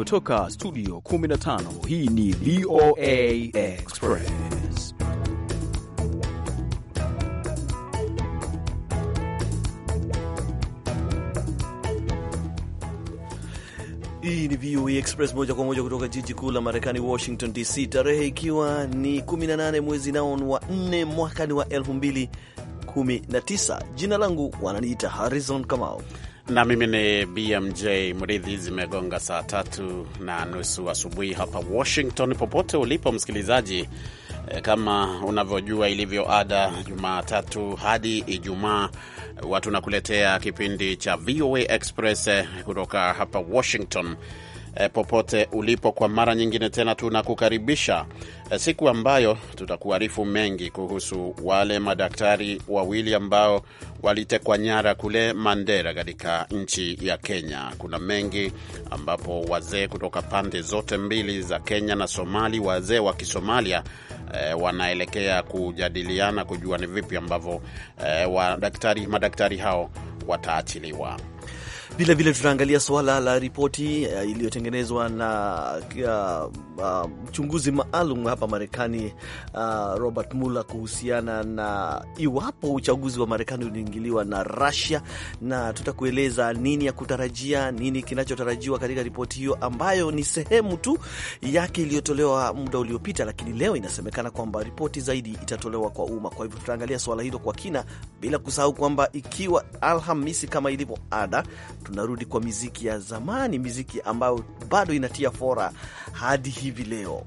kutoka studio 15 hii ni VOA Express. Hii ni VOA Express moja kwa moja kutoka jiji kuu la Marekani, Washington DC, tarehe ikiwa ni 18 mwezi nao wa 4 mwaka ni wa 2019. Jina langu wananiita Harrison Kamau na mimi ni BMJ Mridhi. Zimegonga saa tatu na nusu asubuhi hapa Washington. Popote ulipo msikilizaji, eh, kama unavyojua ilivyo ada, Jumatatu hadi Ijumaa watu nakuletea kipindi cha VOA Express eh, kutoka hapa Washington eh, popote ulipo, kwa mara nyingine tena tunakukaribisha eh, siku ambayo tutakuarifu mengi kuhusu wale madaktari wawili ambao walitekwa nyara kule Mandera katika nchi ya Kenya. Kuna mengi ambapo wazee kutoka pande zote mbili za Kenya na Somali, wazee wa Kisomalia E, wanaelekea kujadiliana kujua ni vipi ambavyo eh, madaktari hao wataachiliwa. Vile vile tutaangalia suala la ripoti uh, iliyotengenezwa na ah, mchunguzi uh, uh, maalum hapa Marekani uh, Robert Mueller kuhusiana na iwapo uchaguzi wa Marekani uliingiliwa na Russia, na tutakueleza nini ya kutarajia, nini kinachotarajiwa katika ripoti hiyo ambayo ni sehemu tu yake iliyotolewa muda uliopita, lakini leo inasemekana kwamba ripoti zaidi itatolewa kwa umma. Kwa hivyo tutaangalia suala hilo kwa kina, bila kusahau kwamba ikiwa Alhamisi kama ilivyo ada tunarudi kwa miziki ya zamani, miziki ambayo bado inatia fora hadi hivi leo.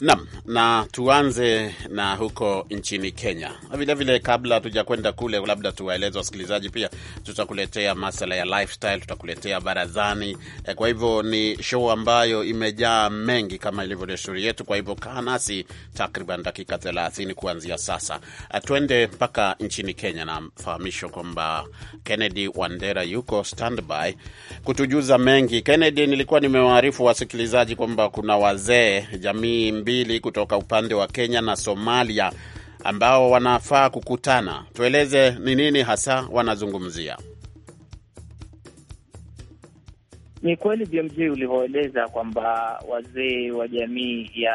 Naam, na tuanze na huko nchini Kenya vilevile vile, kabla hatuja kwenda kule, labda tuwaeleze wasikilizaji pia, tutakuletea masala ya lifestyle, tutakuletea barazani. Eh, kwa hivyo ni show ambayo imejaa mengi kama ilivyo desturi yetu. Kwa hivyo kaa nasi takriban dakika thelathini kuanzia sasa, eh, twende mpaka nchini Kenya na fahamisho kwamba Kennedy Wandera yuko standby kutujuza mengi. Kennedy, nilikuwa nimewaarifu wasikilizaji kwamba kuna wazee jamii mbili kutoka upande wa Kenya na Somalia ambao wanafaa kukutana. Tueleze ni nini hasa wanazungumzia. Ni kweli BMJ ulivyoeleza kwamba wazee wa jamii ya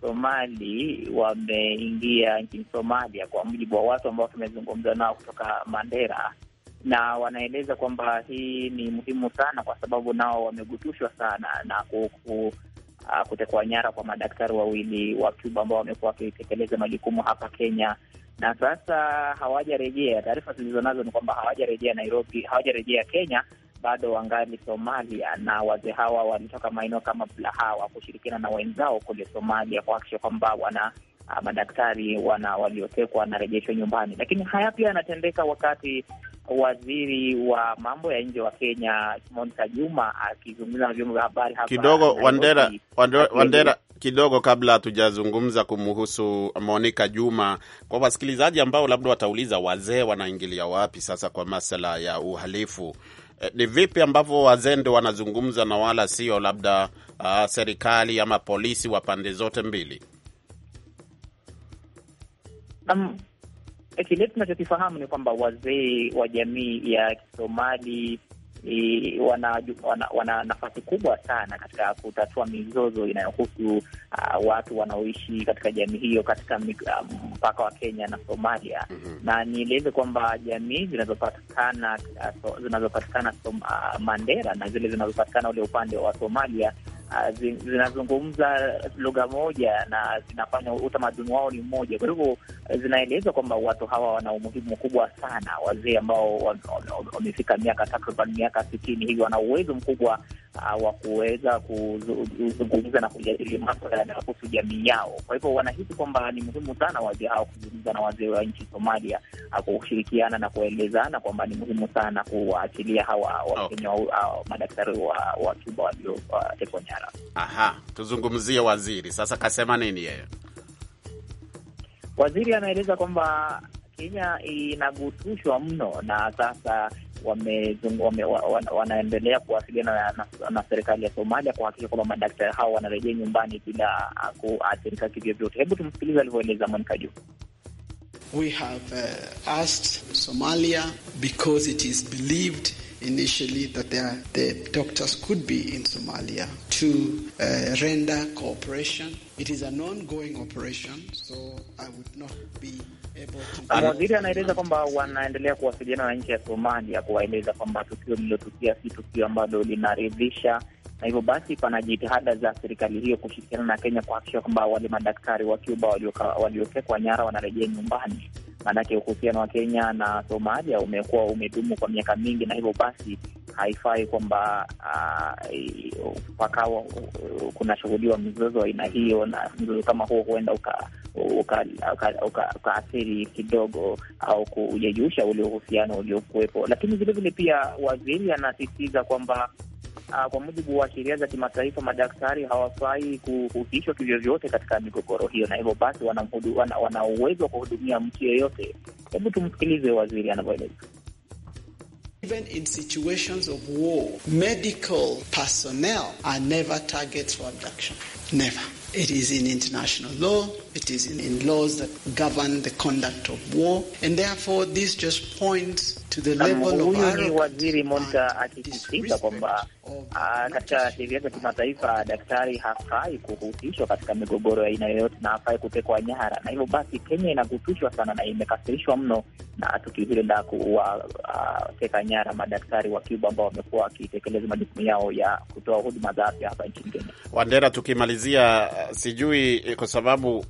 Somali wameingia nchini Somalia, kwa mujibu wa watu ambao tumezungumza nao kutoka Mandera, na wanaeleza kwamba hii ni muhimu sana, kwa sababu nao wamegutushwa sana na uh, kutekwa nyara kwa madaktari wawili wa Cuba ambao wamekuwa wakitekeleza majukumu hapa Kenya na sasa hawajarejea. Taarifa zilizonazo ni kwamba hawajarejea Nairobi, hawajarejea Kenya, bado wangali Somalia, na wazee hawa walitoka maeneo kama Bulahawa kushirikiana na wenzao kule Somalia kuhakikisha kwamba wana ah, madaktari wana waliotekwa wanarejeshwa nyumbani. Lakini haya pia yanatendeka wakati waziri wa mambo ya nje wa Kenya Monica Juma akizungumza na vyombo vya habari hapa kidogo. Wandera, Wandera, Wandera, kidogo kabla hatujazungumza kumhusu Monica Juma, kwa wasikilizaji ambao labda watauliza wazee wanaingilia wapi sasa kwa masala ya uhalifu eh, ni vipi ambavyo wazee ndo wanazungumza na wala sio labda uh, serikali ama polisi wa pande zote mbili? Um, kile tunachokifahamu ni kwamba wazee wa jamii ya Kisomali e, wana, wana, wana nafasi kubwa sana katika kutatua mizozo inayohusu uh, watu wanaoishi katika jamii hiyo katika mpaka um, wa Kenya na Somalia. mm -hmm. Na nieleze kwamba jamii zinazopatikana uh, so, zinazopatikana uh, Mandera na zile zinazopatikana ule upande wa Somalia Ah, zinazungumza lugha moja na zinafanya utamaduni wao ni mmoja. Kwa hivyo zinaelezwa kwamba watu hawa wana umuhimu mkubwa sana, wazee ambao wamefika miaka takriban miaka sitini hivi wana uwezo mkubwa wa kuweza kuzungumza na kujadili maswala yanayohusu jamii yao. Kwa hivyo wanahisi kwamba ni muhimu sana wazee hao kuzungumza na wazee wa nchi Somalia, ah, kushirikiana na kuelezana kwamba ni muhimu sana kuwaachilia hawa Wakenya oh. ah, madaktari wa Cuba waliotekwa ah, nyara. Aha, tuzungumzie waziri sasa. Kasema nini yeye? Waziri anaeleza kwamba Kenya inagutushwa mno na sasa wame, wanaendelea kuwasiliana na, na, na serikali ya Somalia kuhakikisha kwamba madaktari hao wanarejea nyumbani bila kuathirika kivyovyote. Hebu tumsikilize alivyoeleza Monika Juu. We have uh, asked Somalia because it is believed initially that there, the doctors could be in Somalia to uh, render cooperation. It is an ongoing operation, so I would not be Waziri ah, anaeleza kwamba wanaendelea kuwasiliana na nchi ya Somalia kuwaeleza kwamba tukio lililotukia si tukio ambalo linaridhisha, na hivyo basi pana jitihada za serikali hiyo kushirikiana na Kenya kuhakikisha kwamba wale madaktari wa Cuba waliotekwa nyara wanarejea nyumbani maanake uhusiano wa Kenya na Somalia umekuwa umedumu kwa miaka mingi, na hivyo basi haifai kwamba ah, pakawa uh, kunashughuliwa mzozo aina hiyo, na mzozo kama huo huenda uka ukaathiri kidogo au kujejusha ule uhusiano uliokuwepo. Lakini vilevile pia waziri anasisitiza kwamba uh, kwa mujibu wa sheria za kimataifa madaktari hawafai kuhusishwa kivyovyote katika migogoro hiyo, na hivyo basi wana uwezo wa kuhudumia mtu yeyote. Hebu tumsikilize waziri anavyoeleza. Even in situations of war, medical personnel are never targets for abduction. Never. It is in international law, it is in laws that govern the conduct of war, and therefore this just points Huyu ni waziri Monta akisisitiza kwamba ah, katika sheria za kimataifa daktari hafai kuhusishwa katika migogoro ya aina yoyote na hafai kutekwa nyara, na hivyo basi Kenya inagutishwa sana na imekasirishwa mno na tukio hilo la kuwateka ah, nyara madaktari wa Cuba ambao wamekuwa wakitekeleza majukumu yao ya kutoa huduma za afya hapa nchini Kenya. Wandera, tukimalizia, sijui eh, kwa sababu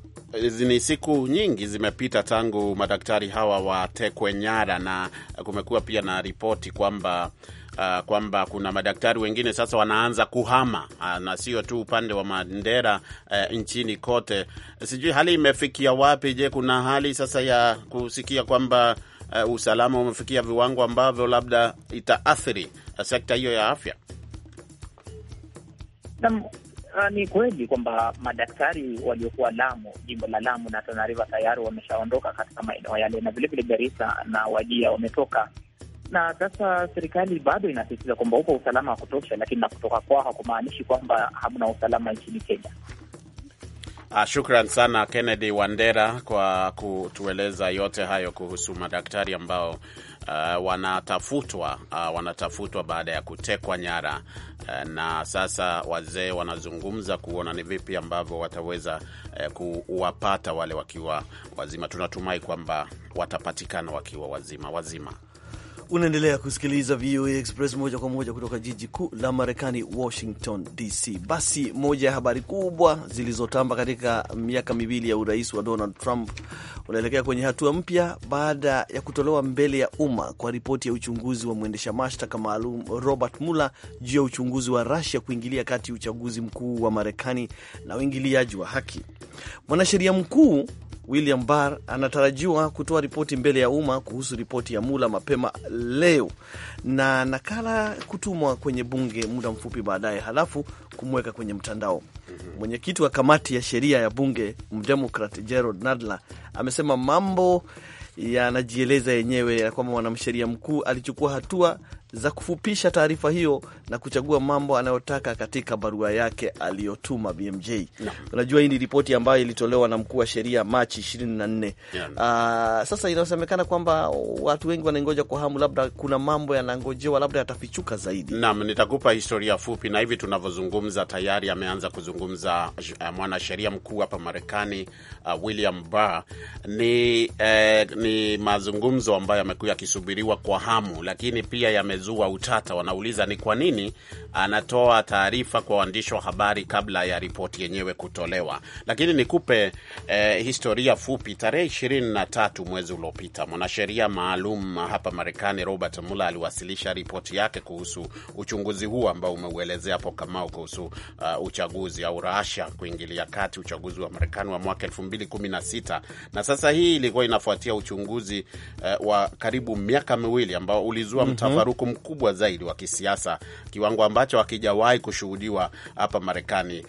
ni siku nyingi zimepita tangu madaktari hawa watekwe nyara, na kumekuwa pia na ripoti kwamba uh, kwamba kuna madaktari wengine sasa wanaanza kuhama uh, na sio tu upande wa Mandera uh, nchini kote. Sijui hali imefikia wapi. Je, kuna hali sasa ya kusikia kwamba uh, usalama umefikia viwango ambavyo labda itaathiri uh, sekta hiyo ya afya? Uh, ni kweli kwamba madaktari waliokuwa Lamu, jimbo la Lamu na Tana River tayari wameshaondoka katika maeneo yale, na vilevile Garissa na Wajia wametoka, na sasa serikali bado inasisitiza kwamba upo usalama wa kutosha, lakini na kutoka kwao hakumaanishi kwamba hamna usalama nchini Kenya. Ah, shukran sana Kennedy Wandera kwa kutueleza yote hayo kuhusu madaktari ambao uh, wanatafutwa uh, wanatafutwa baada ya kutekwa nyara uh, na sasa wazee wanazungumza kuona ni vipi ambavyo wataweza uh, kuwapata wale wakiwa wazima. Tunatumai kwamba watapatikana wakiwa wazima wazima. Unaendelea kusikiliza VOA Express moja kwa moja kutoka jiji kuu la Marekani, Washington DC. Basi, moja ya habari kubwa zilizotamba katika miaka miwili ya urais wa Donald Trump unaelekea kwenye hatua mpya baada ya kutolewa mbele ya umma kwa ripoti ya uchunguzi wa mwendesha mashtaka maalum Robert Mueller juu ya uchunguzi wa rasia kuingilia kati uchaguzi mkuu wa Marekani na uingiliaji wa haki. Mwanasheria mkuu William Barr anatarajiwa kutoa ripoti mbele ya umma kuhusu ripoti ya Mula mapema leo na nakala kutumwa kwenye bunge muda mfupi baadaye, halafu kumweka kwenye mtandao. Mhm. Mwenyekiti wa kamati ya sheria ya bunge mdemokrat Gerald Nadler amesema mambo yanajieleza yenyewe ya kwamba mwanamsheria mkuu alichukua hatua za kufupisha taarifa hiyo na kuchagua mambo anayotaka katika barua yake aliyotuma BMJ. Yeah. Unajua, hii ni ripoti ambayo ilitolewa na mkuu wa sheria Machi 24. Yeah. Aa, ah, sasa inasemekana kwamba watu wengi wanaingoja kwa hamu, labda kuna mambo yanangojewa, labda yatafichuka zaidi. Naam, nitakupa historia fupi, na hivi tunavyozungumza tayari ameanza kuzungumza uh, mwanasheria mkuu hapa Marekani uh, William Barr. Ni, eh, ni mazungumzo ambayo yamekuwa yakisubiriwa kwa hamu, lakini pia yame wamezua utata. Wanauliza ni kwa nini anatoa taarifa kwa waandishi wa habari kabla ya ripoti yenyewe kutolewa. Lakini nikupe eh, historia fupi. Tarehe ishirini na tatu mwezi uliopita, mwanasheria maalum hapa Marekani Robert Mueller aliwasilisha ripoti yake kuhusu uchunguzi huu ambao umeuelezea hapo Kamau kuhusu uh, uchaguzi au Russia kuingilia kati uchaguzi wa Marekani wa mwaka elfu mbili 2016 na sasa hii ilikuwa inafuatia uchunguzi uh, wa karibu miaka miwili ambao ulizua mhm. mtafaruku mkubwa zaidi wa kisiasa, kiwango ambacho hakijawahi kushuhudiwa hapa Marekani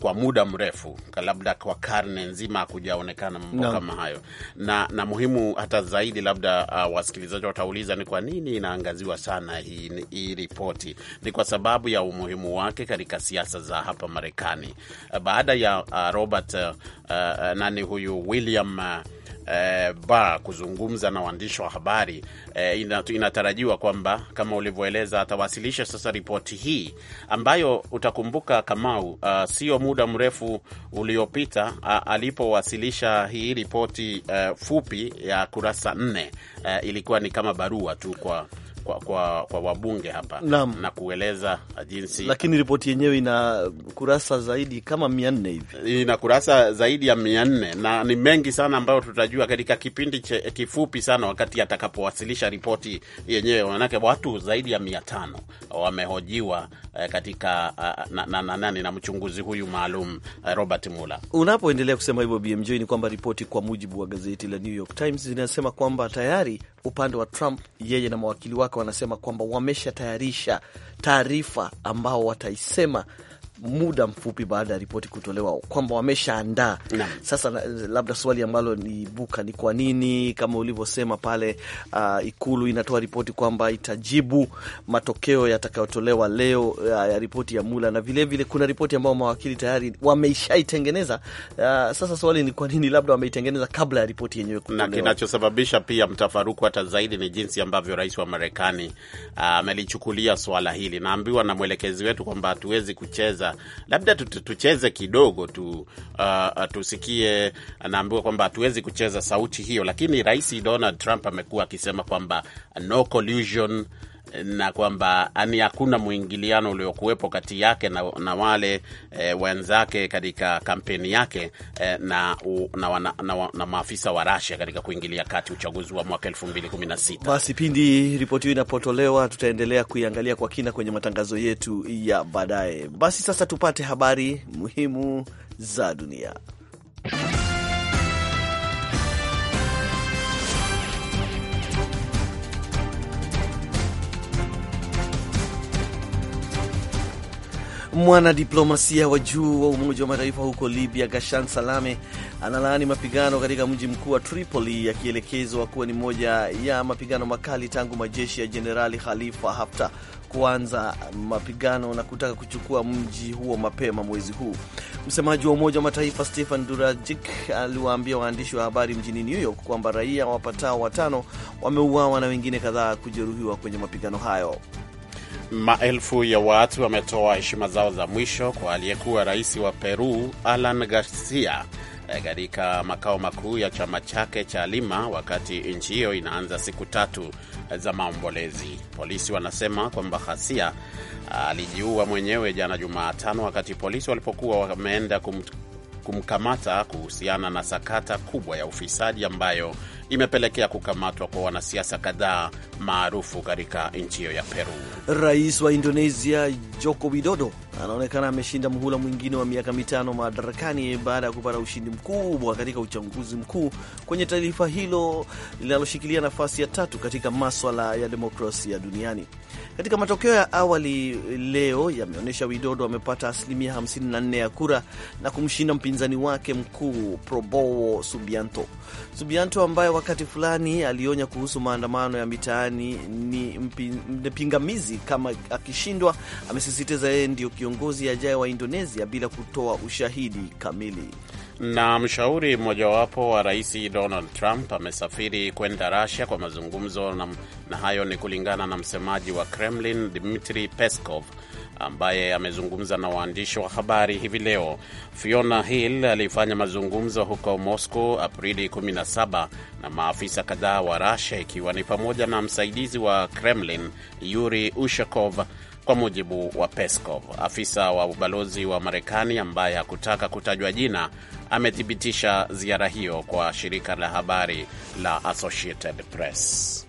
kwa muda mrefu, labda kwa karne nzima hakujaonekana mambo no. kama hayo, na, na muhimu hata zaidi labda uh, wasikilizaji watauliza ni kwa nini inaangaziwa sana hii hii ripoti. Ni kwa sababu ya umuhimu wake katika siasa za hapa Marekani baada ya Robert a, a, nani huyu William a, eh, ba kuzungumza na waandishi wa habari eh, inatarajiwa kwamba kama ulivyoeleza atawasilisha sasa ripoti hii ambayo utakumbuka Kamau, uh, sio muda mrefu uliopita uh, alipowasilisha hii ripoti uh, fupi ya kurasa nne uh, ilikuwa ni kama barua tu kwa kwa, kwa, kwa wabunge hapa Naam. na kueleza jinsi, lakini ripoti yenyewe ina kurasa zaidi kama mia nne hivi, ina kurasa zaidi ya mia nne na ni mengi sana ambayo tutajua katika kipindi che, kifupi sana wakati atakapowasilisha ripoti yenyewe, manake watu zaidi ya mia tano wamehojiwa katika na, na, na, na, na mchunguzi huyu maalum Robert Mueller. Unapoendelea kusema hivyo BMJ, ni kwamba ripoti kwa mujibu wa gazeti la New York Times inasema kwamba tayari upande wa Trump yeye na mawakili wake wanasema kwamba wameshatayarisha taarifa ambao wataisema muda mfupi baada ya ripoti kutolewa kwamba wameshaandaa. Sasa labda swali ambalo ni buka ni kwa nini kama ulivyosema pale, uh, Ikulu inatoa ripoti kwamba itajibu matokeo yatakayotolewa leo uh, ya ripoti ya Mula na vilevile vile, kuna ripoti ambayo mawakili tayari wameishaitengeneza. Uh, sasa swali ni kwa nini labda wameitengeneza kabla ya ripoti yenyewe kutolewa, na kinachosababisha pia mtafaruku hata zaidi ni jinsi ambavyo rais wa Marekani uh, amelichukulia uh, swala hili. Naambiwa na mwelekezi wetu kwamba hatuwezi kucheza Labda tucheze kidogo tu, uh, uh, tusikie. Anaambiwa kwamba hatuwezi kucheza sauti hiyo, lakini Rais Donald Trump amekuwa akisema kwamba no collusion na kwamba ani hakuna mwingiliano uliokuwepo kati yake na, na wale e, wenzake katika kampeni yake e, na, na, na, na, na maafisa wa Russia katika kuingilia kati uchaguzi wa mwaka 2016. Basi pindi ripoti hiyo inapotolewa tutaendelea kuiangalia kwa kina kwenye matangazo yetu ya baadaye. Basi sasa tupate habari muhimu za dunia. Mwanadiplomasia wa juu wa Umoja wa Mataifa huko Libya, Gashan Salame, analaani mapigano katika mji mkuu wa Tripoli, yakielekezwa kuwa ni moja ya mapigano makali tangu majeshi ya Jenerali Khalifa Haftar kuanza mapigano na kutaka kuchukua mji huo mapema mwezi huu. Msemaji wa Umoja wa Mataifa stehen Durajik aliwaambia waandishi wa habari mjini New York kwamba raia wapatao watano wameuawa na wengine kadhaa kujeruhiwa kwenye mapigano hayo. Maelfu ya watu wametoa heshima zao za mwisho kwa aliyekuwa rais wa Peru Alan Garcia eh, katika makao makuu ya chama chake cha Lima, wakati nchi hiyo inaanza siku tatu eh, za maombolezi. Polisi wanasema kwamba Ghasia eh, alijiua mwenyewe jana Jumatano, wakati polisi walipokuwa wameenda kumkamata kuhusiana na sakata kubwa ya ufisadi ambayo imepelekea kukamatwa kwa wanasiasa kadhaa maarufu katika nchi hiyo ya Peru. Rais wa Indonesia Joko Widodo anaonekana ameshinda muhula mwingine wa miaka mitano madarakani baada ya kupata ushindi mkubwa katika uchaguzi mkuu kwenye taifa hilo linaloshikilia nafasi ya tatu katika maswala ya demokrasia duniani. Katika matokeo ya awali leo yameonyesha Widodo amepata asilimia 54 ya kura na kumshinda mpinzani wake mkuu Probowo Subianto. Subianto ambaye wakati fulani alionya kuhusu maandamano ya mitaani ni mpingamizi kama akishindwa, amesisitiza yeye ndio kiongozi ajaye wa Indonesia bila kutoa ushahidi kamili. Na mshauri mmojawapo wa rais Donald Trump amesafiri kwenda Russia kwa mazungumzo na, na hayo ni kulingana na msemaji wa Kremlin dmitri Peskov ambaye amezungumza na waandishi wa habari hivi leo. Fiona Hill alifanya mazungumzo huko Moscow Aprili 17 na maafisa kadhaa wa Russia, ikiwa ni pamoja na msaidizi wa Kremlin Yuri Ushakov kwa mujibu wa Peskov. Afisa wa ubalozi wa Marekani ambaye hakutaka kutajwa jina amethibitisha ziara hiyo kwa shirika la habari la Associated Press.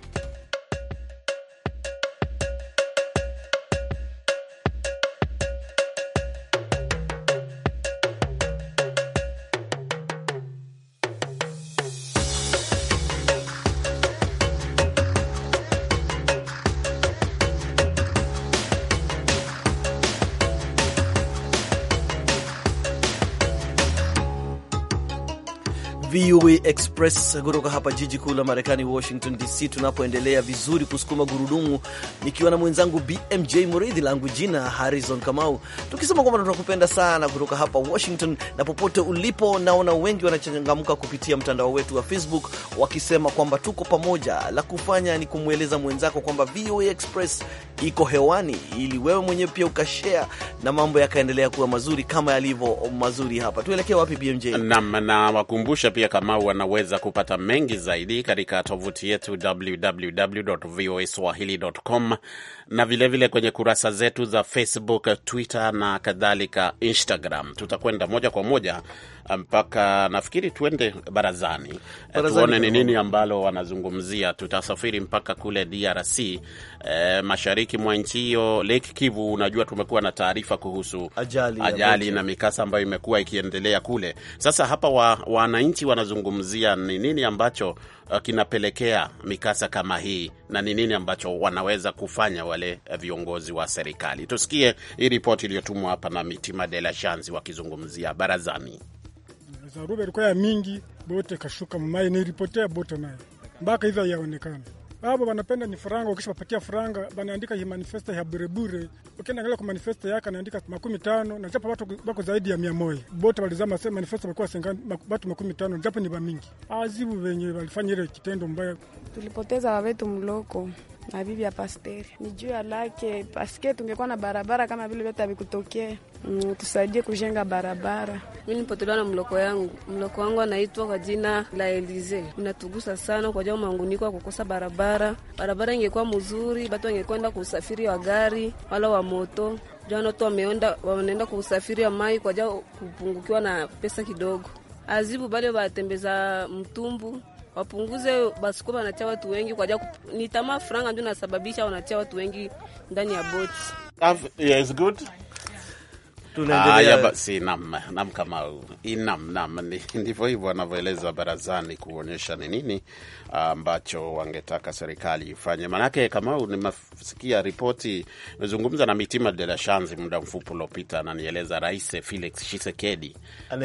Express kutoka hapa jiji kuu la Marekani, Washington DC, tunapoendelea vizuri kusukuma gurudumu, nikiwa na mwenzangu BMJ Muridhi, langu jina Harrison Kamau, tukisema kwamba tunakupenda sana kutoka hapa Washington na popote ulipo. Naona wengi wanachangamka kupitia mtandao wetu wa Facebook wakisema kwamba tuko pamoja. La kufanya ni kumweleza mwenzako kwamba VOA Express iko hewani, ili wewe mwenyewe pia ukashea na mambo yakaendelea kuwa mazuri kama yalivyo mazuri hapa. Tuelekee wapi BMJ? Naam, na wakumbusha pia kama wanawe unaweza kupata mengi zaidi katika tovuti yetu www.voaswahili.com na vilevile vile kwenye kurasa zetu za Facebook, Twitter na kadhalika, Instagram. Tutakwenda moja kwa moja Eh, mpaka nafikiri tuende barazani, eh, barazani tuone ni nini ambalo wanazungumzia. Tutasafiri mpaka kule DRC e, eh, mashariki mwa nchi hiyo, Lake Kivu. Unajua tumekuwa na taarifa kuhusu ajali, ajali na mikasa ambayo imekuwa ikiendelea kule. Sasa hapa wananchi wanazungumzia ni nini ambacho kinapelekea mikasa kama hii na ni nini ambacho wanaweza kufanya wale viongozi wa serikali. Tusikie hii ripoti iliyotumwa hapa na Mitima De La Shanzi wakizungumzia barazani za ruba ilikuwa ya mingi, bote kashuka mumai, nilipotea bote naye mpaka hivyo yaonekana babo wanapenda ni furanga. Ukishapatia franga, banaandika hii manifesto ya burebure. Ukienda angalia kwa manifesto yake anaandika makumi tano na japo watu wako zaidi ya mia moja bote walizama sema manifesto walikuwa sengani watu makumi tano japo ni ba mingi azibu venye walifanya ile kitendo mbaya. Tulipoteza wetu mloko na bibi ya pasteri ni juu ya lake paske tungekuwa na barabara kama vile vyote avikutokea. Mm, tusaidie kujenga barabara. Mi nipotelewa na mloko yangu, mloko wangu anaitwa kwa jina la Elize. Unatugusa sana kwa jao manguniko kukosa barabara. Barabara ingekuwa mzuri, batu wangekwenda kuusafiri wa gari wala wa moto janoto wameenda wanaenda kwa usafiri wa mai kwa jao kupungukiwa na pesa kidogo. Azibu bale watembeza mtumbu wapunguze basikuwa wanatia watu wengi kwa jaku, ni tamaa franga ndio nasababisha wanatia watu wengi ndani ya boti. Yeah, good. basi, nam nam kama inam nam, ndivyo hivyo anavyoeleza barazani kuonyesha ni nini ambacho wangetaka serikali ifanye. Maanake kama nimesikia ripoti, nimezungumza na Mitima De La Shanzi muda mfupi uliopita, ananieleza Rais Felix Tshisekedi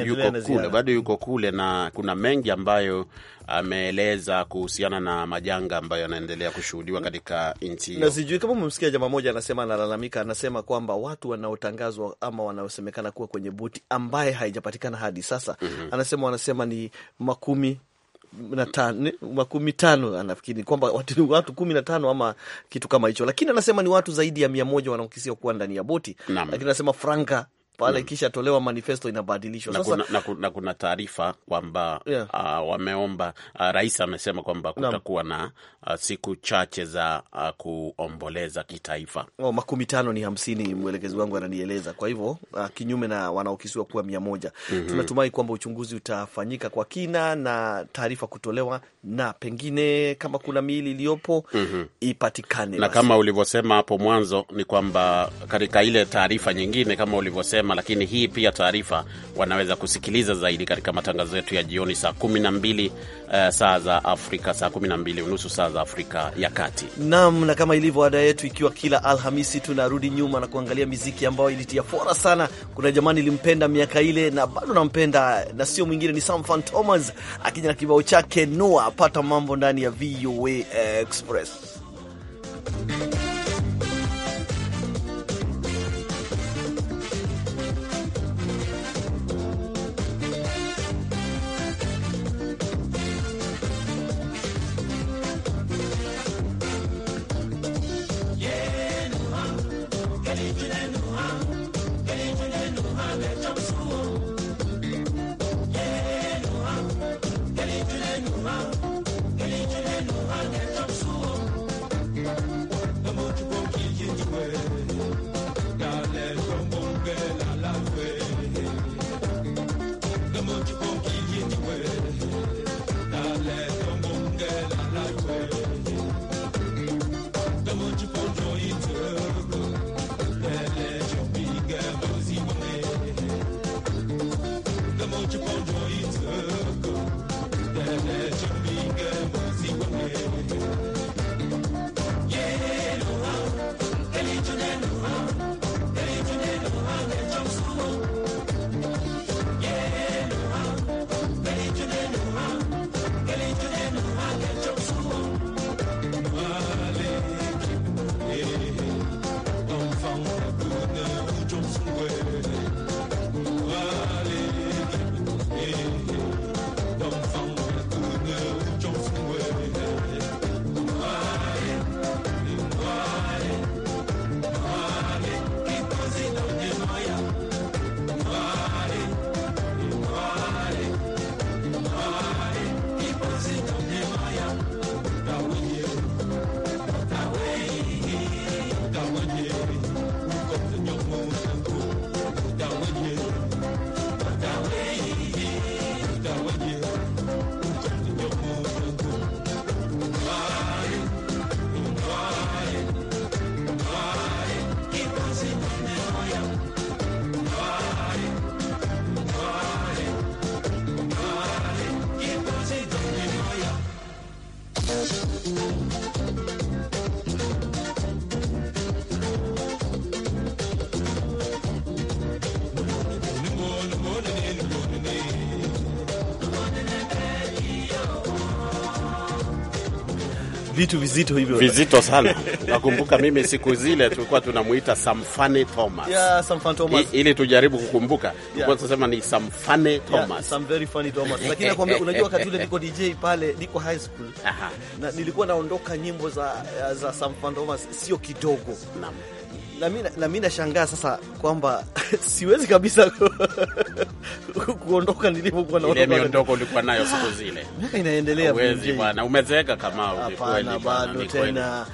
yuko kule, bado yuko kule, na kuna mengi ambayo ameeleza kuhusiana na majanga ambayo yanaendelea kushuhudiwa katika nchi hiyo. Na sijui kama umemsikia jamaa moja anasema, analalamika, anasema kwamba watu wanaotangazwa ama wanaosemekana kuwa kwenye boti ambaye haijapatikana hadi sasa, mm -hmm. anasema wanasema ni makumi makumi tano anafikiri kwamba watu, watu kumi na tano ama kitu kama hicho, lakini anasema ni watu zaidi ya mia moja wanaokisia kuwa ndani ya boti, lakini anasema franka pale, kisha tolewa manifesto inabadilishwa. Sasa na kuna, na kuna taarifa kwamba yeah. uh, wameomba uh, rais amesema kwamba kutakuwa na uh, siku chache za uh, kuomboleza kitaifa. Oh, makumi tano ni hamsini, mwelekezi wangu ananieleza. Kwa hivyo uh, kinyume na wanaokisiwa kuwa mia moja. mm -hmm. Tunatumai kwamba uchunguzi utafanyika kwa kina na taarifa kutolewa na pengine kama kuna miili iliyopo mm -hmm. ipatikane na basi. Kama ulivyosema hapo mwanzo ni kwamba katika ile taarifa nyingine kama ulivyosema mapema, lakini hii pia taarifa wanaweza kusikiliza zaidi katika matangazo yetu ya jioni saa 12 uh, eh, saa za Afrika, saa 12 unusu saa za Afrika ya Kati. Naam, na kama ilivyo ada yetu, ikiwa kila Alhamisi tunarudi nyuma na kuangalia miziki ambayo ilitia fora sana. Kuna jamaa nilimpenda miaka ile na bado nampenda, na sio mwingine ni Sam Fan Thomas akija na kibao chake Noa. Pata mambo ndani ya VOA Express. let them through. Thank you. vitu vizito hivyo, vizito sana. Nakumbuka mimi siku zile tulikuwa tunamuita Samfane Thomas. Yeah, Samfane Thomas. I, ili tujaribu kukumbuka tulikuwa tunasema ni Samfane Thomas. Yeah, some very funny Thomas. Lakini nakwambia, unajua wakati ule niko DJ pale, niko high school. Aha. Na nilikuwa naondoka nyimbo za za Samfane Thomas sio kidogo. Naam na mimi nashangaa sasa kwamba siwezi kabisa kuondoka nilipokuwa na ile miondoko ulikuwa nayo siku zile. Ah, miaka inaendelea mwezi bwana, umezeeka kama hapana, bado tena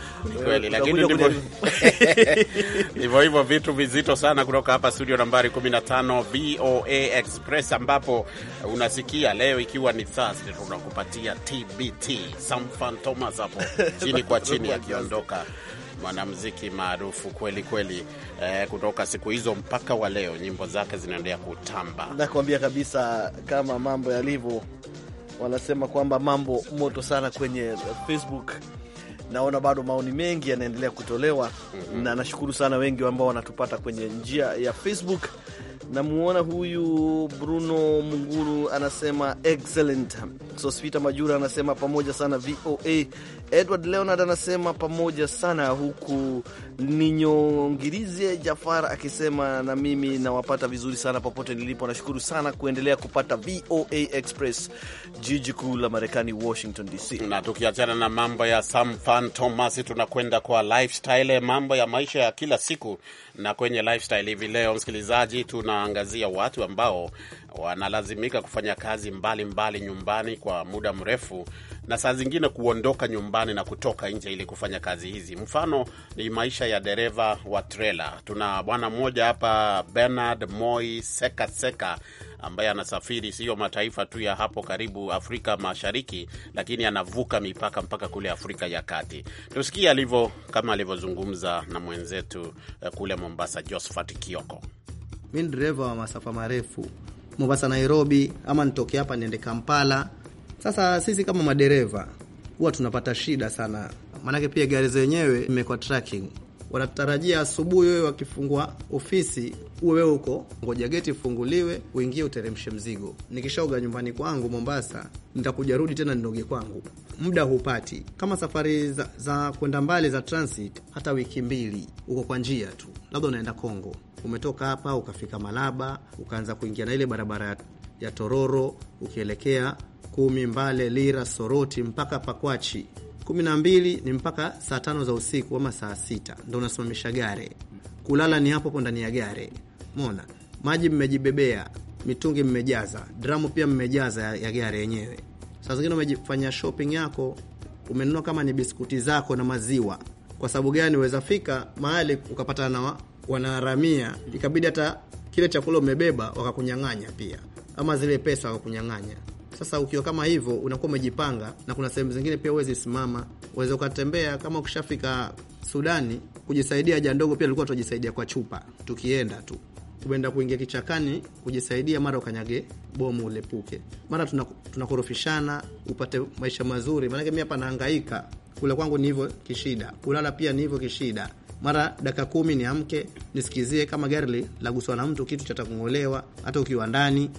kweli, lakini ndivyo hivyo vitu vizito sana kutoka hapa studio nambari 15 VOA Express, ambapo unasikia leo ikiwa ni Thursday, tunakupatia TBT Sam Fantomas hapo chini kwa chini akiondoka mwanamuziki maarufu kweli kweli, eh, kutoka siku hizo mpaka wa leo, nyimbo zake zinaendelea kutamba. Nakwambia kabisa, kama mambo yalivyo, wanasema kwamba mambo moto sana kwenye Facebook. Naona bado maoni mengi yanaendelea kutolewa mm -hmm. na nashukuru sana wengi ambao wanatupata kwenye njia ya Facebook. Namuona huyu Bruno Munguru anasema excellent. Sospita Majura anasema pamoja sana VOA Edward Leonard anasema pamoja sana, huku ninyongirize Jafar akisema na mimi nawapata vizuri sana popote nilipo. Nashukuru sana kuendelea kupata VOA Express, jiji kuu la Marekani, Washington DC. Na tukiachana na mambo ya Sam Fan Thomas, tunakwenda kwa lifestyle, mambo ya maisha ya kila siku. Na kwenye lifestyle hivi leo, msikilizaji, tunaangazia watu ambao wanalazimika kufanya kazi mbalimbali mbali nyumbani kwa muda mrefu na saa zingine kuondoka nyumbani na kutoka nje ili kufanya kazi hizi. Mfano ni maisha ya dereva wa trela. Tuna bwana mmoja hapa Bernard Moi Seka Seka ambaye anasafiri sio mataifa tu ya hapo karibu Afrika Mashariki, lakini anavuka mipaka mpaka kule Afrika ya Kati. Tusikie alivyo kama alivyozungumza na mwenzetu eh, kule Mombasa, Josphat Kioko. Mi ni dereva wa masafa marefu Mombasa Nairobi, ama nitokea hapa niende Kampala sasa sisi kama madereva huwa tunapata shida sana, maanake pia gari zenyewe imekuwa tracking wanatarajia asubuhi wewe wakifungua ofisi uwe wewe huko, ngoja geti ifunguliwe, uingie, uteremshe mzigo. Nikishaoga nyumbani kwangu Mombasa, nitakuja rudi tena ninoge kwangu, muda hupati. Kama safari za, za kwenda mbali za transit, hata wiki mbili uko kwa njia tu, labda unaenda Kongo, umetoka hapa ukafika Malaba, ukaanza kuingia na ile barabara ya ya Tororo ukielekea kumi Mbale, Lira, Soroti mpaka Pakwachi. kumi na mbili ni mpaka saa tano za usiku ama saa sita ndo unasimamisha gari, Kulala ni hapo hapo ndani ya gari. Mona maji mmejibebea, mitungi mmejaza, dramu pia mmejaza ya, ya gari yenyewe. Saa zingine umejifanya shopping yako, umenunua kama ni biskuti zako na maziwa. Kwa sababu gani? Uweza fika mahali ukapatana na wanaharamia, ikabidi hata kile chakula umebeba wakakunyang'anya pia ama zile pesa wakakunyang'anya. Sasa ukiwa kama hivyo, unakuwa umejipanga, na kuna sehemu zingine pia uwezi simama, uweze ukatembea. Kama ukishafika Sudani kujisaidia haja ndogo, pia tulikuwa tunajisaidia kwa chupa, tukienda tu tumeenda kuingia kichakani kujisaidia, mara ukanyage bomu ulepuke, mara tunakorofishana tuna upate maisha mazuri. Maanake mi hapa naangaika, kula kwangu ni hivyo kishida, kulala pia ni hivyo kishida, mara dakika kumi niamke nisikizie kama gari laguswa na mtu, kitu chatakung'olewa hata ukiwa ndani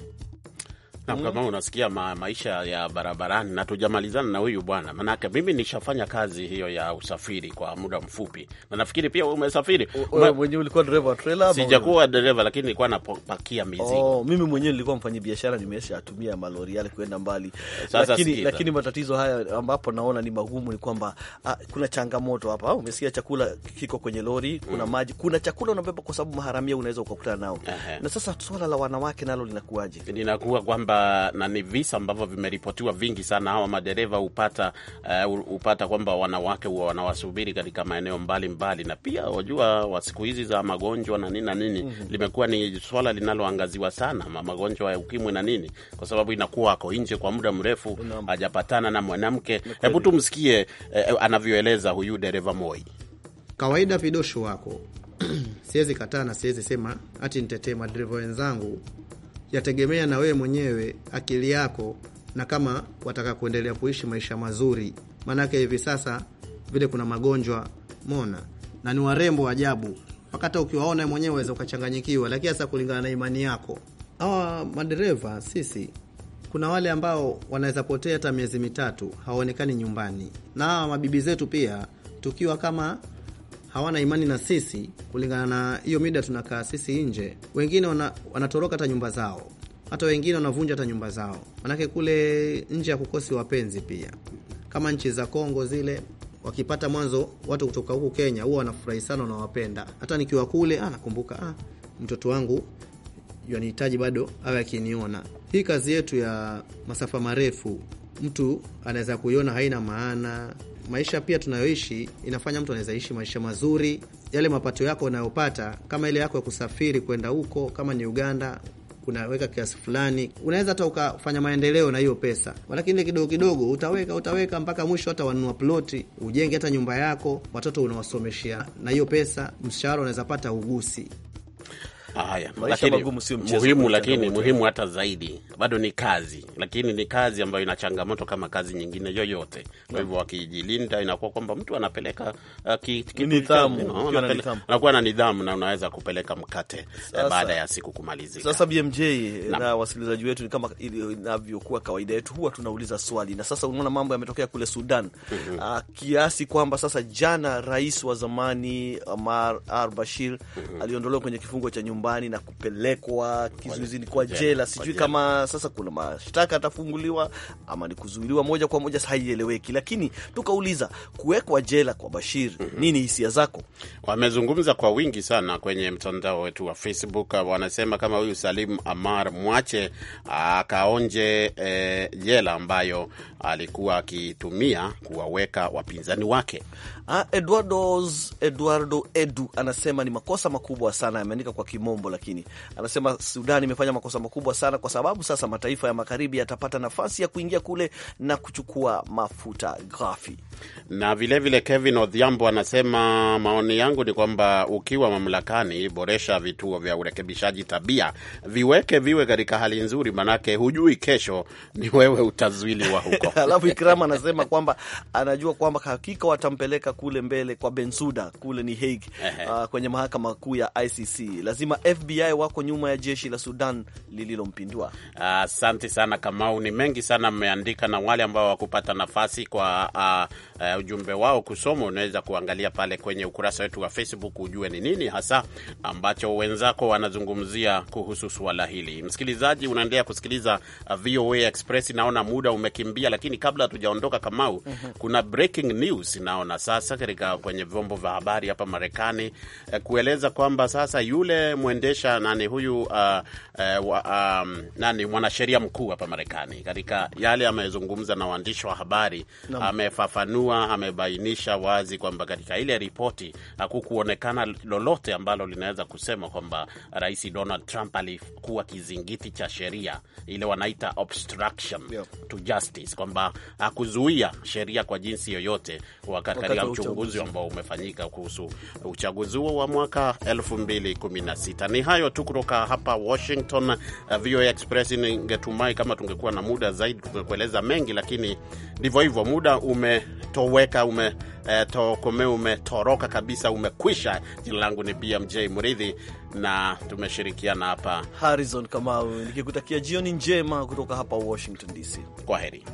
na mm-hmm. kama unasikia ma, maisha ya barabarani, na tujamalizana na huyu bwana, manake mimi nishafanya kazi hiyo ya usafiri kwa muda mfupi, na nafikiri pia umesafiri mwenyewe. Ulikuwa dereva wa Sijakuwa dereva, lakini nilikuwa napakia oh, mizigo. Oh, mimi mwenyewe nilikuwa mfanyi biashara, nimesha atumia malori yale kwenda mbali. Sasa lakini, sikita. lakini matatizo haya ambapo naona ni magumu ni kwamba ah, kuna changamoto hapa. Ah, umesikia chakula kiko kwenye lori, kuna mm. maji, kuna chakula unabeba, kwa sababu maharamia unaweza ukakutana nao uh -huh. na sasa swala la wanawake nalo linakuwaje? Linakuwa kwamba kwamba na ni visa ambavyo vimeripotiwa vingi sana. Hawa madereva hupata uh, hupata kwamba wanawake huwa wanawasubiri katika maeneo mbalimbali, na pia wajua wa siku hizi za magonjwa na nini na nini mm -hmm. limekuwa ni swala linaloangaziwa sana, magonjwa ya ukimwi na nini, kwa sababu inakuwa ako nje kwa muda mrefu hajapatana na mwanamke. Hebu tumsikie eh, eh, anavyoeleza huyu dereva Moi. Kawaida vidosho wako siwezi kataa na siwezi sema hati nitetee madereva wenzangu yategemea na wewe mwenyewe, akili yako, na kama wataka kuendelea kuishi maisha mazuri. Maanake hivi sasa vile kuna magonjwa mona, na ni warembo ajabu, wakati ukiwaona mwenyewe waweza ukachanganyikiwa, lakini hasa kulingana na imani yako. Hawa madereva sisi kuna wale ambao wanaweza potea hata miezi mitatu hawaonekani nyumbani, na hawa mabibi zetu pia, tukiwa kama hawana imani na sisi kulingana na hiyo mida tunakaa sisi nje. Wengine wana, wanatoroka hata nyumba zao, hata wengine wanavunja hata nyumba zao, manake kule nje ya kukosi wapenzi pia, kama nchi za Kongo zile wakipata mwanzo watu kutoka huku Kenya huwa wanafurahi sana, wanawapenda. Hata nikiwa kule ah, nakumbuka ah, mtoto wangu yanihitaji bado awe akiniona. Hii kazi yetu ya masafa marefu mtu anaweza kuiona haina maana, maisha pia tunayoishi inafanya mtu anaweza ishi maisha mazuri. Yale mapato yako unayopata, kama ile yako ya kusafiri kwenda huko, kama ni Uganda unaweka kiasi fulani, unaweza hata ukafanya maendeleo na hiyo pesa, lakini kidogo kidogo utaweka utaweka mpaka mwisho, hata wanunua ploti, ujenge hata nyumba yako, watoto unawasomeshea na hiyo pesa. Mshahara unaweza pata ugusi Ah, haya, lakini magumu sio mchezo muhimu, lakini muhimu hata zaidi bado ni kazi, lakini ni kazi ambayo ina changamoto kama kazi nyingine yoyote. Kwa hivyo wakijilinda, inakuwa kwamba mtu anapeleka uh, anakuwa na nidhamu na unaweza kupeleka mkate eh, sasa, baada ya siku kumalizika. Sasa BMJ eh, na, na wasikilizaji wetu, ni kama inavyokuwa kawaida yetu, huwa tunauliza swali, na sasa unaona mambo yametokea kule Sudan mm -hmm. kiasi kwamba sasa jana rais wa zamani Omar al-Bashir mm -hmm. aliondolewa kwenye kifungo cha nyumba nyumbani na kupelekwa kizuizini kwa jela. Sijui kama sasa kuna mashtaka atafunguliwa ama ni kuzuiliwa moja kwa moja, haieleweki. Lakini tukauliza kuwekwa jela kwa Bashir, mm -hmm. nini hisia zako? Wamezungumza kwa wingi sana kwenye mtandao wetu wa Facebook, wanasema kama huyu Salim Amar mwache ah, akaonje e, jela ambayo alikuwa akitumia kuwaweka wapinzani wake. Ah, Eduardo Eduardo Edu anasema ni makosa makubwa sana, ameandika kwa kimo kimombo, lakini anasema Sudan imefanya makosa makubwa sana, kwa sababu sasa mataifa ya magharibi yatapata nafasi ya kuingia kule na kuchukua mafuta ghafi. Na vilevile vile Kevin Odhiambo anasema maoni yangu ni kwamba ukiwa mamlakani, boresha vituo vya urekebishaji tabia, viweke viwe katika hali nzuri, manake hujui kesho ni wewe utazwiliwa huko. Alafu Ikram anasema kwamba anajua kwamba hakika watampeleka kule mbele kwa Bensuda kule ni Hague, uh, kwenye mahakama kuu ya ICC. Lazima FBI wako nyuma ya jeshi la Sudan lililompindua. Asante uh, sana Kamau, ni mengi sana mmeandika, na wale ambao wakupata nafasi kwa uh, uh, ujumbe wao kusoma, unaweza kuangalia pale kwenye ukurasa wetu wa Facebook ujue ni nini hasa ambacho wenzako wanazungumzia kuhusu suala hili. Msikilizaji, unaendelea kusikiliza ah, VOA Express. Naona muda umekimbia, lakini kabla hatujaondoka Kamau, mm -hmm. kuna breaking news naona sasa katika kwenye vyombo vya habari hapa Marekani eh, kueleza kwamba sasa yule kumwendesha nani huyu uh, uh, um, nani mwanasheria mkuu hapa Marekani. Katika yale amezungumza na waandishi wa habari no. Amefafanua, amebainisha wazi kwamba katika ile ripoti hakukuonekana lolote ambalo linaweza kusema kwamba Rais Donald Trump alikuwa kizingiti cha sheria, ile wanaita obstruction to justice, kwamba hakuzuia sheria kwa jinsi yoyote wakati katika uchunguzi ambao umefanyika kuhusu uchaguzi huo wa mwaka 2016 sita. Ni hayo tu kutoka hapa Washington. Uh, VOA Express, ningetumai kama tungekuwa na muda zaidi tungekueleza mengi, lakini ndivyo hivyo, muda umetoweka, umetokome, umetoroka kabisa, umekwisha. Jina langu ni BMJ mridhi na tumeshirikiana hapa Harrison Kamau, nikikutakia jioni njema kutoka hapa Washington DC. Kwa heri.